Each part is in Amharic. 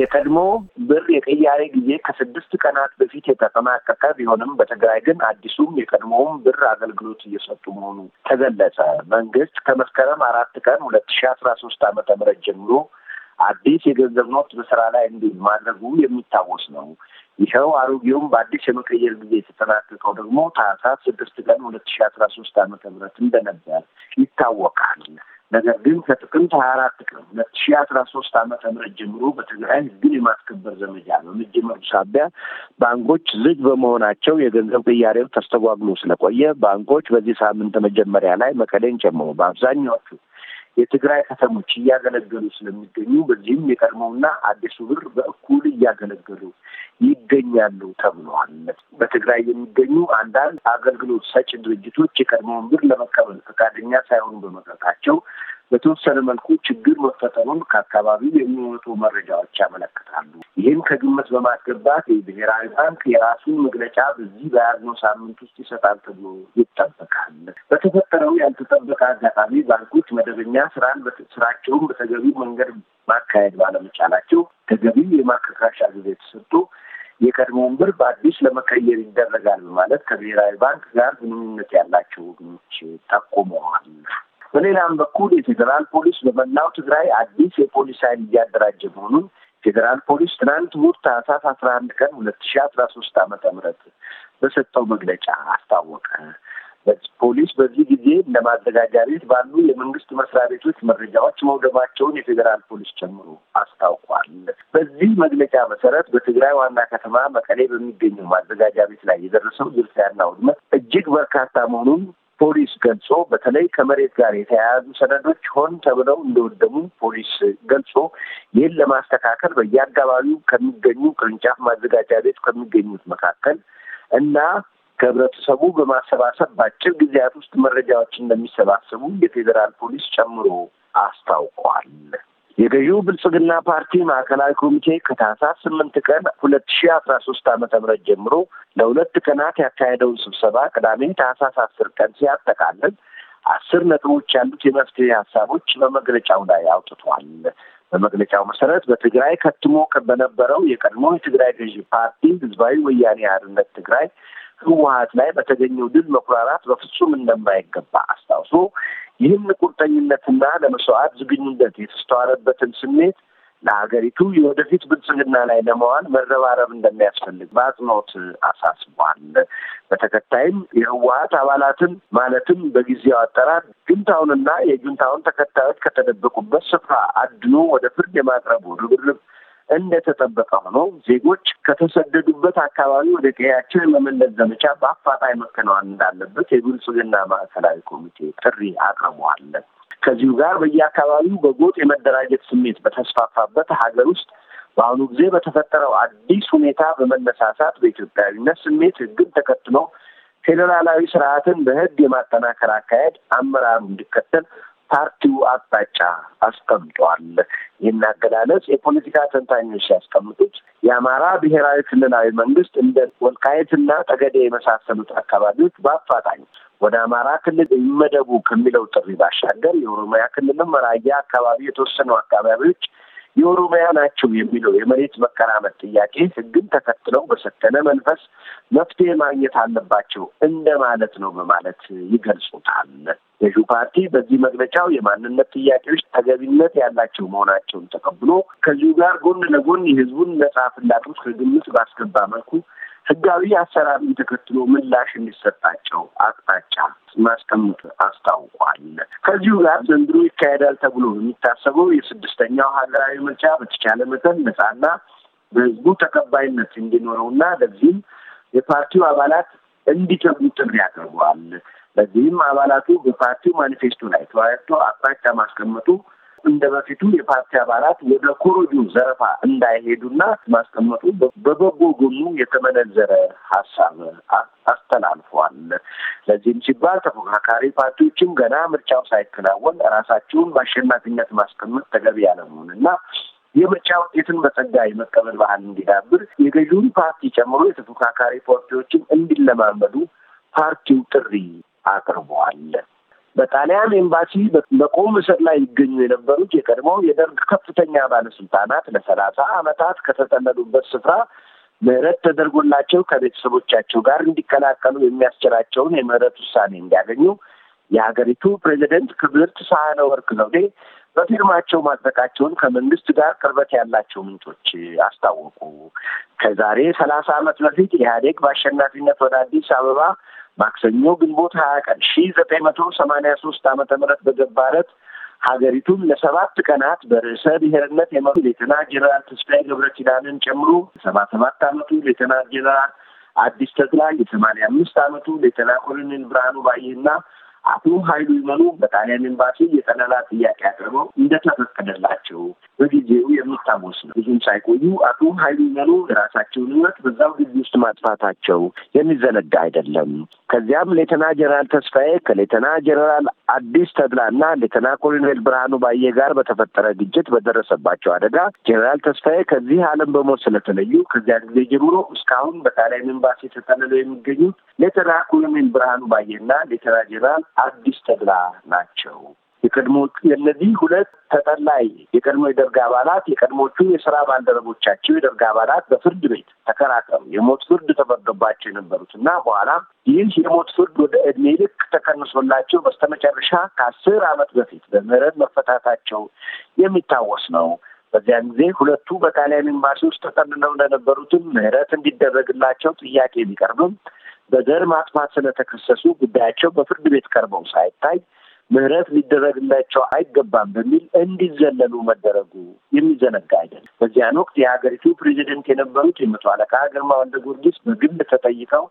የቀድሞ ብር የቅያሬ ጊዜ ከስድስት ቀናት በፊት የተጠናቀቀ ቢሆንም በትግራይ ግን አዲሱም የቀድሞውም ብር አገልግሎት እየሰጡ መሆኑ ተገለጸ። መንግስት ከመስከረም አራት ቀን ሁለት ሺ አስራ ሶስት ዓመተ ምህረት ጀምሮ አዲስ የገንዘብ ኖት በስራ ላይ እንዲውል ማድረጉ የሚታወስ ነው። ይኸው አሮጌውም በአዲስ የመቀየር ጊዜ የተጠናቀቀው ደግሞ ታህሳስ ስድስት ቀን ሁለት ሺ አስራ ሶስት ዓመተ ምህረት እንደነበር ይታወቃል። ነገር ግን ከጥቅምት ሀያ አራት ቀን ሁለት ሺ አስራ ሶስት አመተ ምህረት ጀምሮ በትግራይ ህግን የማስከበር ዘመቻ በመጀመሩ ሳቢያ ባንኮች ዝግ በመሆናቸው የገንዘብ ቅያሬው ተስተጓግሎ ስለቆየ ባንኮች በዚህ ሳምንት መጀመሪያ ላይ መቀሌን ጨምሮ በአብዛኛዎቹ የትግራይ ከተሞች እያገለገሉ ስለሚገኙ በዚህም የቀድሞውና አዲሱ ብር በእኩል እያገለገሉ ይገኛሉ ተብሏል። በትግራይ የሚገኙ አንዳንድ አገልግሎት ሰጪ ድርጅቶች የቀድሞውን ብር ለመቀበል ፈቃደኛ ሳይሆኑ በመቅረታቸው በተወሰነ መልኩ ችግር መፈጠሩን ከአካባቢው የሚወጡ መረጃዎች ያመለክታሉ። ይህን ከግምት በማስገባት የብሔራዊ ባንክ የራሱን መግለጫ በዚህ በያዝነው ሳምንት ውስጥ ይሰጣል ተብሎ ይጠበቃል። በተፈጠረው ያልተጠበቀ አጋጣሚ ባንኮች መደበኛ ስራን ስራቸውን በተገቢው መንገድ ማካሄድ ባለመቻላቸው ተገቢው የማካካሻ ጊዜ ተሰጥቶ የቀድሞውን ብር በአዲስ ለመቀየር ይደረጋል በማለት ከብሔራዊ ባንክ ጋር ግንኙነት ያላቸው ወገኖች ጠቁመዋል። በሌላም በኩል የፌዴራል ፖሊስ በመላው ትግራይ አዲስ የፖሊስ ኃይል እያደራጀ መሆኑን ፌዴራል ፖሊስ ትናንት ውር ታህሳስ አስራ አንድ ቀን ሁለት ሺ አስራ ሶስት አመተ ምህረት በሰጠው መግለጫ አስታወቀ። ፖሊስ በዚህ ጊዜ እንደ ማዘጋጃ ቤት ባሉ የመንግስት መስሪያ ቤቶች መረጃዎች መውደማቸውን የፌዴራል ፖሊስ ጨምሮ አስታውቋል። በዚህ መግለጫ መሰረት በትግራይ ዋና ከተማ መቀሌ በሚገኘው ማዘጋጃ ቤት ላይ የደረሰው ዝርፊያና ውድመት እጅግ በርካታ መሆኑን ፖሊስ ገልጾ በተለይ ከመሬት ጋር የተያያዙ ሰነዶች ሆን ተብለው እንደወደሙ ፖሊስ ገልጾ ይህን ለማስተካከል በየአካባቢው ከሚገኙ ቅርንጫፍ ማዘጋጃ ቤት ከሚገኙት መካከል እና ከህብረተሰቡ በማሰባሰብ በአጭር ጊዜያት ውስጥ መረጃዎች እንደሚሰባሰቡ የፌዴራል ፖሊስ ጨምሮ አስታውቋል። የገዢው ብልጽግና ፓርቲ ማዕከላዊ ኮሚቴ ከታህሳስ ስምንት ቀን ሁለት ሺ አስራ ሶስት አመተ ምህረት ጀምሮ ለሁለት ቀናት ያካሄደውን ስብሰባ ቅዳሜ ታህሳስ አስር ቀን ሲያጠቃልል አስር ነጥቦች ያሉት የመፍትሄ ሀሳቦች በመግለጫው ላይ አውጥቷል። በመግለጫው መሰረት በትግራይ ከትሞ በነበረው የቀድሞ የትግራይ ገዢ ፓርቲ ህዝባዊ ወያኔ አርነት ትግራይ ህወሀት ላይ በተገኘው ድል መኩራራት በፍጹም እንደማይገባ አስታውሶ ይህን ቁርጠኝነትና ለመስዋዕት ዝግኙነት የተስተዋለበትን ስሜት ለሀገሪቱ የወደፊት ብልጽግና ላይ ለመዋል መረባረብ እንደሚያስፈልግ በአጽንኦት አሳስቧል። በተከታይም የህወሀት አባላትን ማለትም በጊዜው አጠራር ጁንታውንና የጁንታውን ተከታዮች ከተደበቁበት ስፍራ አድኖ ወደ ፍርድ የማቅረቡ ርብርብ እንደተጠበቀ ሆኖ ዜጎች ከተሰደዱበት አካባቢ ወደ ቀያቸው የመመለስ ዘመቻ በአፋጣኝ መከናወን እንዳለበት የብልጽግና ማዕከላዊ ኮሚቴ ጥሪ አቅርቧል። ከዚሁ ጋር በየአካባቢው በጎጥ የመደራጀት ስሜት በተስፋፋበት ሀገር ውስጥ በአሁኑ ጊዜ በተፈጠረው አዲስ ሁኔታ በመነሳሳት በኢትዮጵያዊነት ስሜት ሕግን ተከትሎ ፌዴራላዊ ስርዓትን በሕግ የማጠናከር አካሄድ አመራሩ እንዲከተል ፓርቲው አቅጣጫ አስቀምጧል። ይህን አገላለጽ የፖለቲካ ተንታኞች ሲያስቀምጡት የአማራ ብሔራዊ ክልላዊ መንግስት እንደ ወልቃየትና ጠገዴ የመሳሰሉት አካባቢዎች በአፋጣኝ ወደ አማራ ክልል ይመደቡ ከሚለው ጥሪ ባሻገር የኦሮሚያ ክልልም ራያ አካባቢ የተወሰኑ አካባቢዎች የኦሮሚያ ናቸው የሚለው የመሬት መከራመት ጥያቄ ህግን ተከትለው በሰከነ መንፈስ መፍትሄ ማግኘት አለባቸው እንደማለት ነው በማለት ይገልጹታል። ገዢው ፓርቲ በዚህ መግለጫው የማንነት ጥያቄዎች ተገቢነት ያላቸው መሆናቸውን ተቀብሎ ከዚሁ ጋር ጎን ለጎን የህዝቡን ነጻ ፍላጎት ከግምት ባስገባ መልኩ ህጋዊ አሰራርን ተከትሎ ምላሽ እንዲሰጣቸው አቅጣጫ ማስቀመጥ አስታውቋል። ከዚሁ ጋር ዘንድሮ ይካሄዳል ተብሎ የሚታሰበው የስድስተኛው ሀገራዊ ምርጫ በተቻለ መጠን ነጻና በህዝቡ ተቀባይነት እንዲኖረውና ለዚህም የፓርቲው አባላት እንዲተጉ ጥሪ አቅርበዋል። ለዚህም አባላቱ በፓርቲው ማኒፌስቶ ላይ ተወያይቶ አቅጣጫ ማስቀመጡ እንደ በፊቱ የፓርቲ አባላት ወደ ኮረጆ ዘረፋ እንዳይሄዱና ማስቀመጡ በበጎ ጎኑ የተመነዘረ ሀሳብ አስተላልፏል። ለዚህም ሲባል ተፎካካሪ ፓርቲዎችም ገና ምርጫው ሳይከናወን ራሳቸውን በአሸናፊነት ማስቀመጥ ተገቢ ያለመሆን እና የምርጫ ውጤትን በጸጋ የመቀበል ባህል እንዲዳብር የገዢውን ፓርቲ ጨምሮ የተፎካካሪ ፓርቲዎችም እንዲለማመዱ ፓርቲው ጥሪ አቅርበዋል። በጣሊያን ኤምባሲ በቁም እስር ላይ ይገኙ የነበሩት የቀድሞው የደርግ ከፍተኛ ባለስልጣናት ለሰላሳ ዓመታት ከተጠለሉበት ስፍራ ምህረት ተደርጎላቸው ከቤተሰቦቻቸው ጋር እንዲቀላቀሉ የሚያስችላቸውን የምህረት ውሳኔ እንዲያገኙ የሀገሪቱ ፕሬዚደንት ክብርት ሳህለወርቅ ዘውዴ በፊርማቸው ማጽደቃቸውን ከመንግስት ጋር ቅርበት ያላቸው ምንጮች አስታወቁ። ከዛሬ ሰላሳ ዓመት በፊት ኢህአዴግ በአሸናፊነት ወደ አዲስ አበባ ማክሰኞ ግንቦት ሀያ ቀን ሺ ዘጠኝ መቶ ሰማኒያ ሶስት አመተ ምህረት በገባረት ሀገሪቱን ለሰባት ቀናት በርዕሰ ብሔርነት የመሩ ሌተና ጄኔራል ተስፋዬ ገብረ ኪዳንን ጨምሮ ሰባ ሰባት አመቱ ሌተና ጄኔራል አዲስ ተድላ፣ የሰማኒያ አምስት አመቱ ሌተና ኮሎኔል ብርሃኑ ባይህና አቶ ኃይሉ ይመኑ በጣሊያን ኤምባሲ የጠለላ ጥያቄ አቅርበው እንደተፈቀደላቸው በጊዜው የሚታወስ ነው። ብዙም ሳይቆዩ አቶ ሀይሉ ይመኑ የራሳቸውን ሕይወት በዛው ጊዜ ውስጥ ማጥፋታቸው የሚዘነጋ አይደለም። ከዚያም ሌተና ጀነራል ተስፋዬ ከሌተና ጀነራል አዲስ ተድላና ሌተና ኮሎኔል ብርሃኑ ባየ ጋር በተፈጠረ ግጭት በደረሰባቸው አደጋ ጀነራል ተስፋዬ ከዚህ ዓለም በሞት ስለተለዩ ከዚያ ጊዜ ጀምሮ እስካሁን በጣሊያን ኤምባሲ ተጠልለው የሚገኙት ሌተና ኮሎኔል ብርሃኑ ባየና ሌተና ጀነራል አዲስ ተድላ ናቸው። የቀድሞቹ የእነዚህ ሁለት ተጠላይ የቀድሞ የደርግ አባላት የቀድሞቹ የስራ ባልደረቦቻቸው የደርግ አባላት በፍርድ ቤት ተከራከሩ። የሞት ፍርድ ተፈርዶባቸው የነበሩት እና በኋላም ይህ የሞት ፍርድ ወደ እድሜ ልክ ተቀንሶላቸው በስተመጨረሻ ከአስር ዓመት በፊት በምህረት መፈታታቸው የሚታወስ ነው። በዚያን ጊዜ ሁለቱ በጣሊያን ኤምባሲ ውስጥ ተጠልለው እንደነበሩትም ምህረት እንዲደረግላቸው ጥያቄ ቢቀርብም በዘር ማጥፋት ስለተከሰሱ ጉዳያቸው በፍርድ ቤት ቀርበው ሳይታይ ምህረት ሊደረግላቸው አይገባም በሚል እንዲዘለሉ መደረጉ የሚዘነጋ አይደለም። በዚያን ወቅት የሀገሪቱ ፕሬዚደንት የነበሩት የመቶ አለቃ ግርማ ወልደ ጊዮርጊስ በግል ተጠይቀው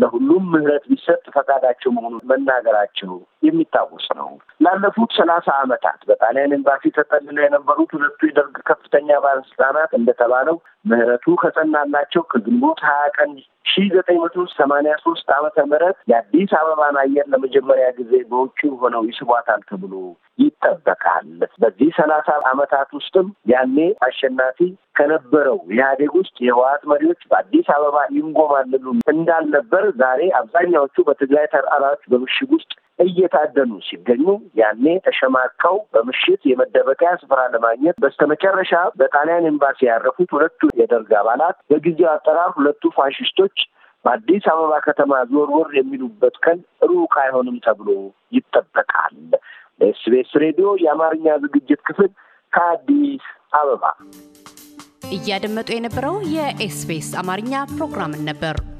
ለሁሉም ምህረት ቢሰጥ ፈቃዳቸው መሆኑን መናገራቸው የሚታወስ ነው። ላለፉት ሰላሳ ዓመታት በጣሊያን ኤምባሲ ተጠልለው የነበሩት ሁለቱ የደርግ ከፍተኛ ባለስልጣናት እንደተባለው ምህረቱ ከጸናላቸው ከግንቦት ሀያ ቀን ሺ ዘጠኝ መቶ ሰማኒያ ሶስት ዓመተ ምህረት የአዲስ አበባን አየር ለመጀመሪያ ጊዜ በውጭ ሆነው ይስቧታል ተብሎ ይጠበቃል። በዚህ ሰላሳ ዓመታት ውስጥም ያኔ አሸናፊ ከነበረው ኢህአዴግ ውስጥ የህወሓት መሪዎች በአዲስ አበባ ይንጎማልሉ እንዳልነበር ዛሬ አብዛኛዎቹ በትግራይ ተራራዎች በምሽግ ውስጥ እየታደኑ ሲገኙ ያኔ ተሸማቀው በምሽት የመደበቂያ ስፍራ ለማግኘት በስተመጨረሻ በጣሊያን ኤምባሲ ያረፉት ሁለቱ የደርግ አባላት በጊዜው አጠራር ሁለቱ ፋሽስቶች በአዲስ አበባ ከተማ ዞር ወር የሚሉበት ቀን ሩቅ አይሆንም ተብሎ ይጠበቃል። ለኤስቢኤስ ሬዲዮ የአማርኛ ዝግጅት ክፍል ከአዲስ አበባ እያደመጡ የነበረው የኤስቢኤስ አማርኛ ፕሮግራምን ነበር።